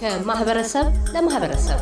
ከማህበረሰብ ለማህበረሰብ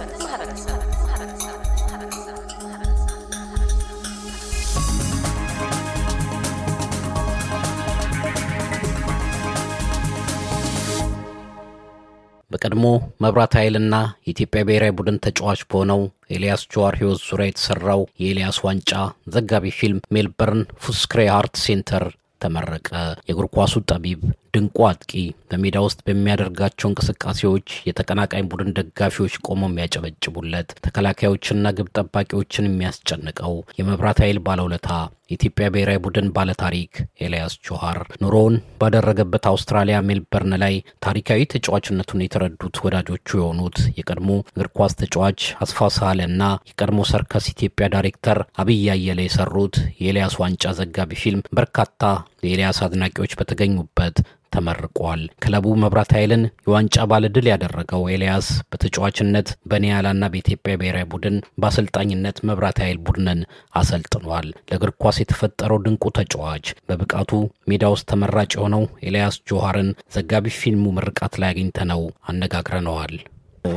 በቀድሞ መብራት ኃይልና የኢትዮጵያ ብሔራዊ ቡድን ተጫዋች በሆነው ኤልያስ ጆዋር ሕይወት ዙሪያ የተሰራው የኤልያስ ዋንጫ ዘጋቢ ፊልም ሜልበርን ፉስክሬ አርት ሴንተር ተመረቀ። የእግር ኳሱ ጠቢብ ድንቁ አጥቂ በሜዳ ውስጥ በሚያደርጋቸው እንቅስቃሴዎች የተቀናቃኝ ቡድን ደጋፊዎች ቆመው የሚያጨበጭቡለት፣ ተከላካዮችና ግብ ጠባቂዎችን የሚያስጨንቀው የመብራት ኃይል ባለውለታ የኢትዮጵያ ብሔራዊ ቡድን ባለታሪክ ኤልያስ ጆሃር ኑሮውን ባደረገበት አውስትራሊያ ሜልበርን ላይ ታሪካዊ ተጫዋችነቱን የተረዱት ወዳጆቹ የሆኑት የቀድሞ እግር ኳስ ተጫዋች አስፋ ሳለ እና የቀድሞ ሰርከስ ኢትዮጵያ ዳይሬክተር አብይ አየለ የሰሩት የኤልያስ ዋንጫ ዘጋቢ ፊልም በርካታ የኤልያስ አድናቂዎች በተገኙበት ተመርቋል። ክለቡ መብራት ኃይልን የዋንጫ ባለድል ያደረገው ኤልያስ በተጫዋችነት በኒያላና በኢትዮጵያ ብሔራዊ ቡድን በአሰልጣኝነት መብራት ኃይል ቡድንን አሰልጥኗል። ለእግር ኳስ የተፈጠረው ድንቁ ተጫዋች በብቃቱ ሜዳ ውስጥ ተመራጭ የሆነው ኤልያስ ጆሃርን ዘጋቢ ፊልሙ ምርቃት ላይ አግኝተነው አነጋግረነዋል።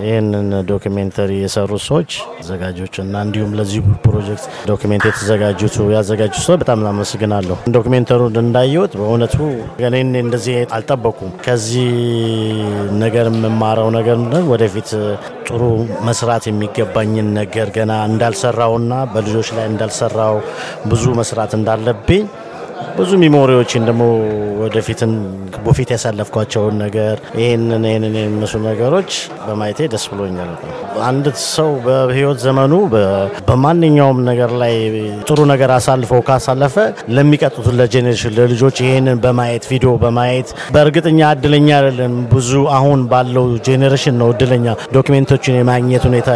ይህንን ዶክሜንተሪ የሰሩ ሰዎች አዘጋጆች እና እንዲሁም ለዚህ ፕሮጀክት ዶክሜንት የተዘጋጁት ያዘጋጁ ሰው በጣም አመሰግናለሁ። ዶክሜንተሩ እንዳየሁት በእውነቱ እኔን እንደዚህ አልጠበኩም። ከዚህ ነገር የምማረው ነገር ወደፊት ጥሩ መስራት የሚገባኝን ነገር ገና እንዳልሰራውና በልጆች ላይ እንዳልሰራው ብዙ መስራት እንዳለብኝ ብዙ ሚሞሪዎችን ደግሞ ወደፊትን በፊት ያሳለፍኳቸውን ነገር ይህንን ይህንን የሚመስሉ ነገሮች በማየቴ ደስ ብሎኛል። አንድ ሰው በህይወት ዘመኑ በማንኛውም ነገር ላይ ጥሩ ነገር አሳልፎ ካሳለፈ ለሚቀጡት ለጄኔሬሽን ለልጆች ይህንን በማየት ቪዲዮ በማየት በእርግጠኛ እድለኛ አይደለም። ብዙ አሁን ባለው ጄኔሬሽን ነው እድለኛ ዶክሜንቶችን የማግኘት ሁኔታ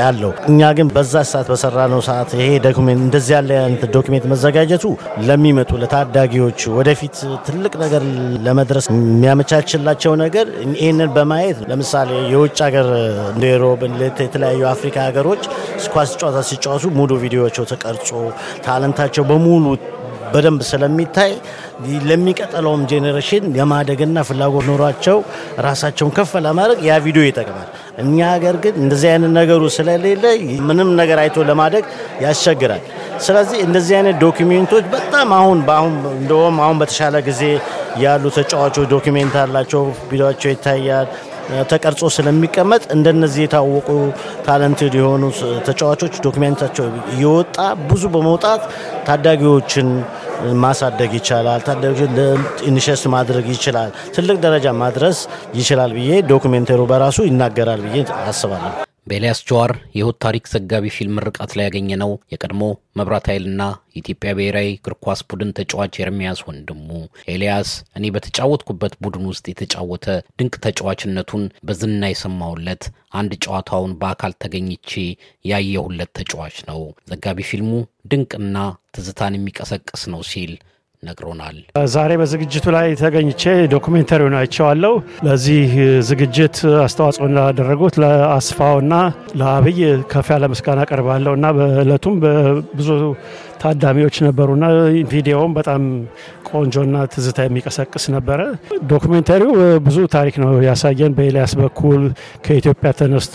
ያለው። እኛ ግን በዛ ሰዓት በሰራነው ሰዓት ይሄ ዶክሜንት እንደዚህ ያለ ዶክሜንት መዘጋጀቱ ለሚመጡ ለታዳጊዎቹ ወደፊት ትልቅ ነገር ለመድረስ የሚያመቻችላቸው ነገር ይህንን በማየት ለምሳሌ የውጭ ሀገር እንደ ሮብ የተለያዩ አፍሪካ ሀገሮች ኳስ ጨዋታ ሲጫወቱ ሙሉ ቪዲዮቸው ተቀርጾ ታለንታቸው በሙሉ በደንብ ስለሚታይ ለሚቀጥለውም ጄኔሬሽን የማደግና ፍላጎት ኖሯቸው ራሳቸውን ከፍ ለማድረግ ያ ቪዲዮ ይጠቅማል። እኛ ሀገር ግን እንደዚህ አይነት ነገሩ ስለሌለ ምንም ነገር አይቶ ለማደግ ያስቸግራል። ስለዚህ እንደዚህ አይነት ዶኪሜንቶች በጣም አሁን በአሁን እንደውም አሁን በተሻለ ጊዜ ያሉ ተጫዋቾች ዶኪሜንት አላቸው፣ ቪዲዮቸው ይታያል ተቀርጾ ስለሚቀመጥ እንደነዚህ የታወቁ ታለንትድ የሆኑ ተጫዋቾች ዶክሜንታቸው እየወጣ ብዙ በመውጣት ታዳጊዎችን ማሳደግ ይቻላል። ኢንሸስት ማድረግ ይችላል። ትልቅ ደረጃ ማድረስ ይችላል ብዬ ዶኩሜንተሩ በራሱ ይናገራል ብዬ አስባለሁ። በኤልያስ ጀዋር የሕይወት ታሪክ ዘጋቢ ፊልም ምርቃት ላይ ነው የቀድሞ መብራት ኃይልና የኢትዮጵያ ብሔራዊ እግር ኳስ ቡድን ተጫዋች ኤርሚያስ ወንድሙ ኤልያስ እኔ በተጫወትኩበት ቡድን ውስጥ የተጫወተ ድንቅ ተጫዋችነቱን በዝና የሰማሁለት አንድ ጨዋታውን በአካል ተገኝቼ ያየሁለት ተጫዋች ነው። ዘጋቢ ፊልሙ ድንቅና ትዝታን የሚቀሰቅስ ነው ሲል ነግሮናል። ዛሬ በዝግጅቱ ላይ ተገኝቼ ዶኩሜንተሪውን አይቼዋለሁ። ለዚህ ዝግጅት አስተዋጽኦ ላደረጉት ለአስፋውና ለአብይ ከፍ ያለ ምስጋና ቀርባለሁ እና በእለቱም ብዙ ታዳሚዎች ነበሩና ቪዲዮውም በጣም ቆንጆና ትዝታ የሚቀሰቅስ ነበረ። ዶኩሜንተሪው ብዙ ታሪክ ነው ያሳየን። በኤልያስ በኩል ከኢትዮጵያ ተነስቶ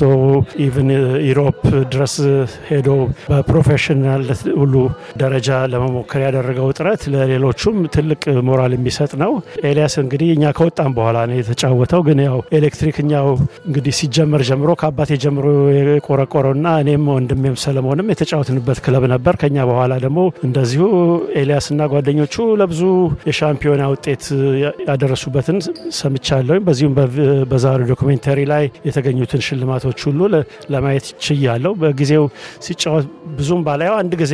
ኢቭን ኢሮፕ ድረስ ሄዶ በፕሮፌሽናል ሁሉ ደረጃ ለመሞከር ያደረገው ጥረት ለሌሎ ለሌሎቹም ትልቅ ሞራል የሚሰጥ ነው። ኤልያስ እንግዲህ እኛ ከወጣም በኋላ ነው የተጫወተው። ግን ያው ኤሌክትሪክ እኛው እንግዲህ ሲጀመር ጀምሮ ከአባቴ ጀምሮ የቆረቆረውና እኔም ወንድሜም ሰለሞንም የተጫወትንበት ክለብ ነበር። ከኛ በኋላ ደግሞ እንደዚሁ ኤልያስና ጓደኞቹ ለብዙ የሻምፒዮና ውጤት ያደረሱበትን ሰምቻለሁ። በዚሁም በዛሬው ዶክሜንተሪ ላይ የተገኙትን ሽልማቶች ሁሉ ለማየት ችያለሁ። በጊዜው ሲጫወት ብዙም ባላየው አንድ ጊዜ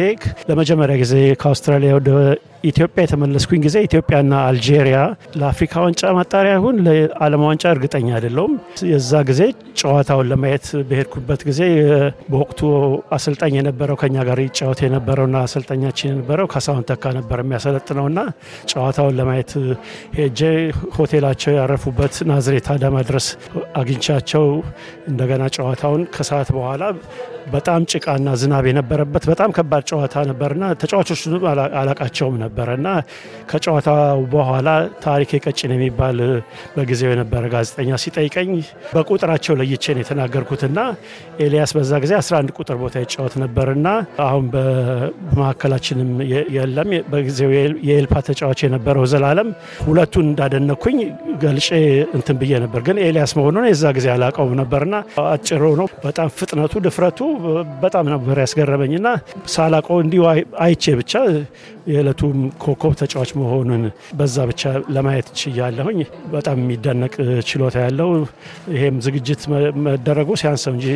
ለመጀመሪያ ጊዜ ከአውስትራሊያ ወደ ኢትዮጵያ የተመለስኩኝ ጊዜ ኢትዮጵያና አልጄሪያ ለአፍሪካ ዋንጫ ማጣሪያ ይሁን ለዓለም ዋንጫ እርግጠኛ አይደለውም። የዛ ጊዜ ጨዋታውን ለማየት በሄድኩበት ጊዜ በወቅቱ አሰልጣኝ የነበረው ከኛ ጋር ይጫወት የነበረውና አሰልጣኛችን የነበረው ካሳሁን ተካ ነበር የሚያሰለጥነውና ጨዋታውን ለማየት ሄጄ ሆቴላቸው ያረፉበት ናዝሬት አዳማ ድረስ አግኝቻቸው እንደገና ጨዋታውን ከሰዓት በኋላ በጣም ጭቃና ዝናብ የነበረበት በጣም ከባድ ጨዋታ ነበርና ተጫዋቾች አላቃቸውም ነበር ነበረ እና ከጨዋታው በኋላ ታሪክ ቀጭን የሚባል በጊዜው የነበረ ጋዜጠኛ ሲጠይቀኝ በቁጥራቸው ለይቼን ነው የተናገርኩትና ኤልያስ በዛ ጊዜ 11 ቁጥር ቦታ ይጫወት ነበርና አሁን በመካከላችንም የለም። በጊዜው የኤልፓ ተጫዋች የነበረው ዘላለም ሁለቱን እንዳደነኩኝ ገልጬ እንትን ብዬ ነበር፣ ግን ኤልያስ መሆኑን የዛ ጊዜ አላውቀውም ነበርና አጭሮ ነው በጣም ፍጥነቱ፣ ድፍረቱ በጣም ነበር ያስገረመኝና ሳላውቀው እንዲሁ አይቼ ብቻ የዕለቱ ኮከብ ተጫዋች መሆኑን በዛ ብቻ ለማየት ችያለሁኝ። በጣም የሚደነቅ ችሎታ ያለው ይሄም ዝግጅት መደረጉ ሲያንሰው እንጂ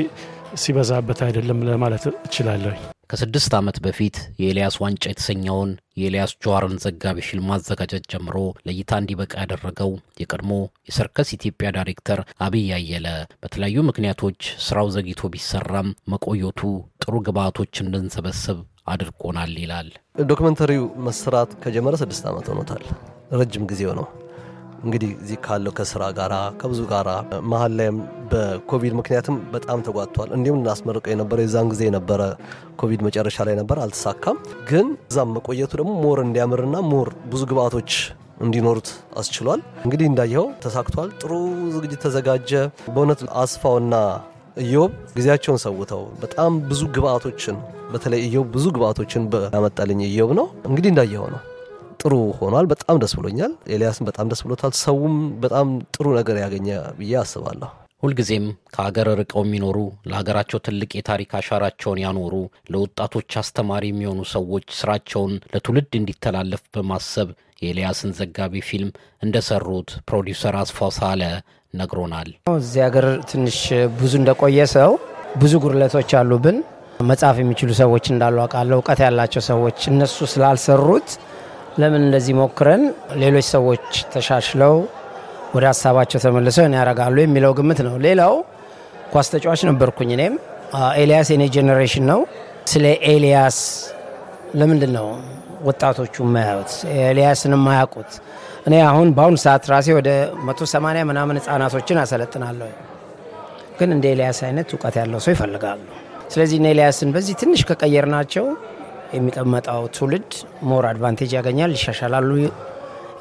ሲበዛበት አይደለም ለማለት እችላለሁኝ። ከስድስት ዓመት በፊት የኤልያስ ዋንጫ የተሰኘውን የኤልያስ ጀዋርን ዘጋቢ ፊልም ማዘጋጀት ጀምሮ ለእይታ እንዲበቃ ያደረገው የቀድሞ የሰርከስ ኢትዮጵያ ዳይሬክተር አብይ አየለ በተለያዩ ምክንያቶች ስራው ዘግይቶ ቢሰራም መቆየቱ ጥሩ ግብዓቶች እንድንሰበስብ አድርጎናል ይላል። ዶክመንተሪው መሰራት ከጀመረ ስድስት ዓመት ሆኖታል። ረጅም ጊዜ ነው እንግዲህ እዚህ ካለው ከስራ ጋራ ከብዙ ጋራ መሀል ላይም በኮቪድ ምክንያትም በጣም ተጓጥቷል። እንዲሁም እናስመርቀው የነበረ የዛን ጊዜ የነበረ ኮቪድ መጨረሻ ላይ ነበር፣ አልተሳካም። ግን እዛም መቆየቱ ደግሞ ሞር እንዲያምርና ሞር ብዙ ግብአቶች እንዲኖሩት አስችሏል። እንግዲህ እንዳየኸው ተሳክቷል። ጥሩ ዝግጅት ተዘጋጀ። በእውነት አስፋውና እዮብ ጊዜያቸውን ሰውተው በጣም ብዙ ግብአቶችን በተለይ ኢዮብ ብዙ ግብአቶችን ያመጣልኝ እዮብ ነው። እንግዲህ እንዳየው ነው ጥሩ ሆኗል። በጣም ደስ ብሎኛል። ኤልያስም በጣም ደስ ብሎታል። ሰውም በጣም ጥሩ ነገር ያገኘ ብዬ አስባለሁ። ሁልጊዜም ከአገር ርቀው የሚኖሩ ለሀገራቸው ትልቅ የታሪክ አሻራቸውን ያኖሩ ለወጣቶች አስተማሪ የሚሆኑ ሰዎች ስራቸውን ለትውልድ እንዲተላለፍ በማሰብ የኤልያስን ዘጋቢ ፊልም እንደሰሩት ፕሮዲውሰር አስፋው ሳለ ነግሮናል። እዚህ ሀገር ትንሽ ብዙ እንደቆየ ሰው ብዙ ጉርለቶች አሉብን። መጻፍ የሚችሉ ሰዎች እንዳሉ አውቃለሁ። እውቀት ያላቸው ሰዎች እነሱ ስላልሰሩት ለምን እንደዚህ ሞክረን ሌሎች ሰዎች ተሻሽለው ወደ ሀሳባቸው ተመልሰው እኔ ያደርጋሉ የሚለው ግምት ነው። ሌላው ኳስ ተጫዋች ነበርኩኝ። እኔም ኤልያስ የኔ ጄኔሬሽን ነው። ስለ ኤልያስ ለምንድን ነው ወጣቶቹ የማያዩት ኤልያስን የማያውቁት? እኔ አሁን በአሁኑ ሰዓት ራሴ ወደ 180 ምናምን ህጻናቶችን አሰለጥናለሁ። ግን እንደ ኤልያስ አይነት እውቀት ያለው ሰው ይፈልጋሉ። ስለዚህ እነ ኤልያስን በዚህ ትንሽ ከቀየር ናቸው የሚጠመጣው ትውልድ ሞር አድቫንቴጅ ያገኛል፣ ይሻሻላሉ፣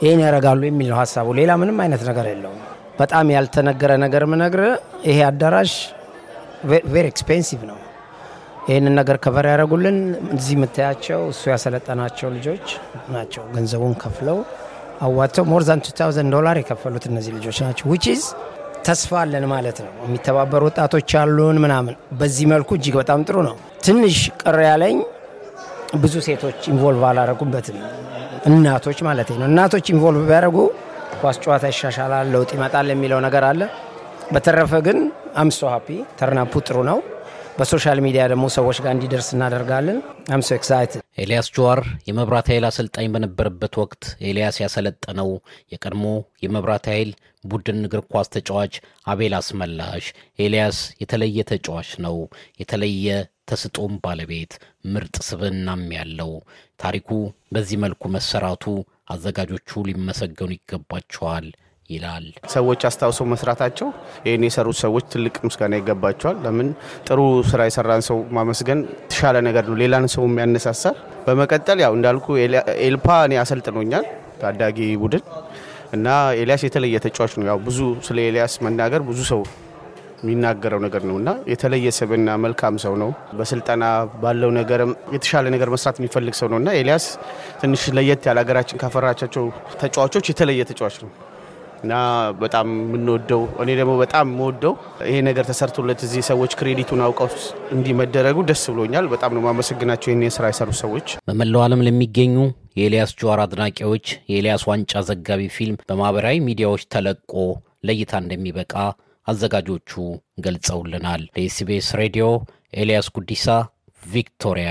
ይህን ያረጋሉ የሚለው ሀሳቡ። ሌላ ምንም አይነት ነገር የለውም። በጣም ያልተነገረ ነገር ምነግር ይሄ አዳራሽ ቬሪ ኤክስፔንሲቭ ነው። ይህንን ነገር ከበር ያደረጉልን እዚህ የምታያቸው እሱ ያሰለጠናቸው ልጆች ናቸው። ገንዘቡን ከፍለው አዋተው ሞር ዛን 2000 ዶላር የከፈሉት እነዚህ ልጆች ናቸው ዊች ኢዝ ተስፋ አለን ማለት ነው። የሚተባበሩ ወጣቶች አሉን ምናምን። በዚህ መልኩ እጅግ በጣም ጥሩ ነው። ትንሽ ቅር ያለኝ ብዙ ሴቶች ኢንቮልቭ አላረጉበትም። እናቶች ማለት ነው። እናቶች ኢንቮልቭ ቢያደርጉ ኳስ ጨዋታ ይሻሻላል፣ ለውጥ ይመጣል የሚለው ነገር አለ። በተረፈ ግን አምሶ ሀፒ ተርናፑ ጥሩ ነው። በሶሻል ሚዲያ ደግሞ ሰዎች ጋር እንዲደርስ እናደርጋለን። አምሶ ኤክሳይትድ ኤልያስ ጁዋር የመብራት ኃይል አሰልጣኝ በነበረበት ወቅት ኤልያስ ያሰለጠነው የቀድሞ የመብራት ኃይል ቡድን እግር ኳስ ተጫዋች አቤል አስመላሽ ኤልያስ የተለየ ተጫዋች ነው። የተለየ ተስጦም ባለቤት ምርጥ ስብዕናም ያለው ታሪኩ በዚህ መልኩ መሰራቱ አዘጋጆቹ ሊመሰገኑ ይገባቸዋል። ይላል። ሰዎች አስታውሰው መስራታቸው ይህን የሰሩት ሰዎች ትልቅ ምስጋና ይገባቸዋል። ለምን ጥሩ ስራ የሰራን ሰው ማመስገን የተሻለ ነገር ነው፣ ሌላን ሰው የሚያነሳሳል። በመቀጠል ያው እንዳልኩ ኤልፓ እኔ አሰልጥኖኛል ታዳጊ ቡድን እና ኤልያስ የተለየ ተጫዋች ነው። ያው ብዙ ስለ ኤልያስ መናገር ብዙ ሰው የሚናገረው ነገር ነው እና የተለየ ስብና መልካም ሰው ነው። በስልጠና ባለው ነገርም የተሻለ ነገር መስራት የሚፈልግ ሰው ነው እና ኤልያስ ትንሽ ለየት ያለ ሀገራችን ካፈራቻቸው ተጫዋቾች የተለየ ተጫዋች ነው። እና በጣም የምንወደው እኔ ደግሞ በጣም የምወደው ይሄ ነገር ተሰርቶለት እዚህ ሰዎች ክሬዲቱን አውቀው እንዲመደረጉ ደስ ብሎኛል። በጣም ነው የማመሰግናቸው ይህን ስራ የሰሩ ሰዎች። በመላው ዓለም ለሚገኙ የኤልያስ ጀዋር አድናቂዎች የኤልያስ ዋንጫ ዘጋቢ ፊልም በማህበራዊ ሚዲያዎች ተለቆ ለእይታ እንደሚበቃ አዘጋጆቹ ገልጸውልናል። ለኤስቢኤስ ሬዲዮ ኤልያስ ጉዲሳ ቪክቶሪያ